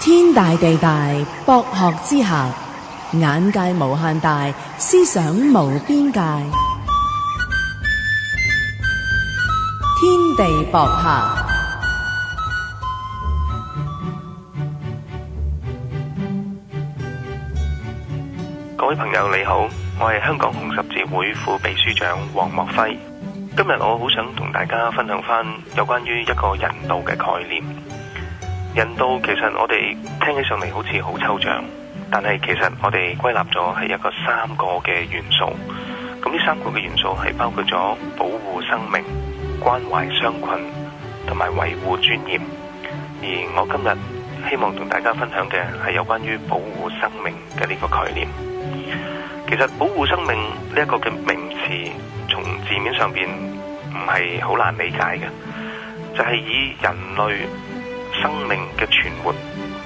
天大地大，博學之下，眼界無限大，思想無邊界。天地博客，各位朋友你好，我係香港紅十字會副秘書長黃莫輝。今日我好想同大家分享翻，有關於一個人道嘅概念。人道其實我哋聽起上嚟，好似好抽象，但係其實我哋歸納咗係一個三個嘅元素。咁呢三個嘅元素係包括咗保護生命、關懷傷困同埋維護尊嚴。而我今日希望同大家分享嘅係有關於保護生命嘅呢個概念。其實保護生命呢一個嘅名詞，從字面上邊唔係好難理解嘅，就係以人類。生命嘅存活，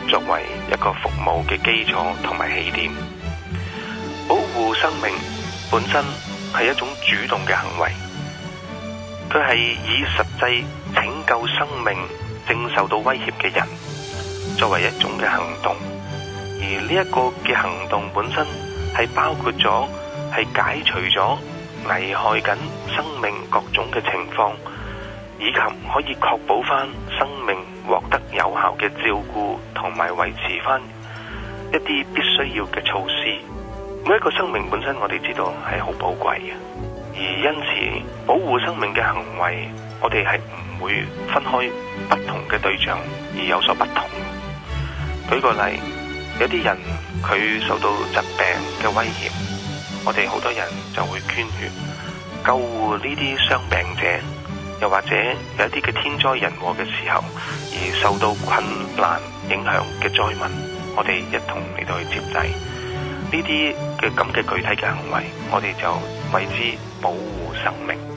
作為一個服務嘅基礎同埋起點。保護生命本身係一種主動嘅行為，佢係以實際拯救生命正受到威脅嘅人作為一種嘅行動，而呢一個嘅行動本身係包括咗係解除咗危害緊生命各種嘅情況。以及可以確保翻生命獲得有效嘅照顧，同埋維持翻一啲必須要嘅措施。每一個生命本身，我哋知道係好寶貴嘅，而因此保護生命嘅行為，我哋係唔會分開不同嘅對象而有所不同。舉個例，有啲人佢受到疾病嘅威脅，我哋好多人就會捐血，救護呢啲傷病者。又或者有一啲嘅天災人禍嘅時候，而受到困難影響嘅災民，我哋一同嚟到去接濟呢啲嘅咁嘅具體嘅行為，我哋就為之保護生命。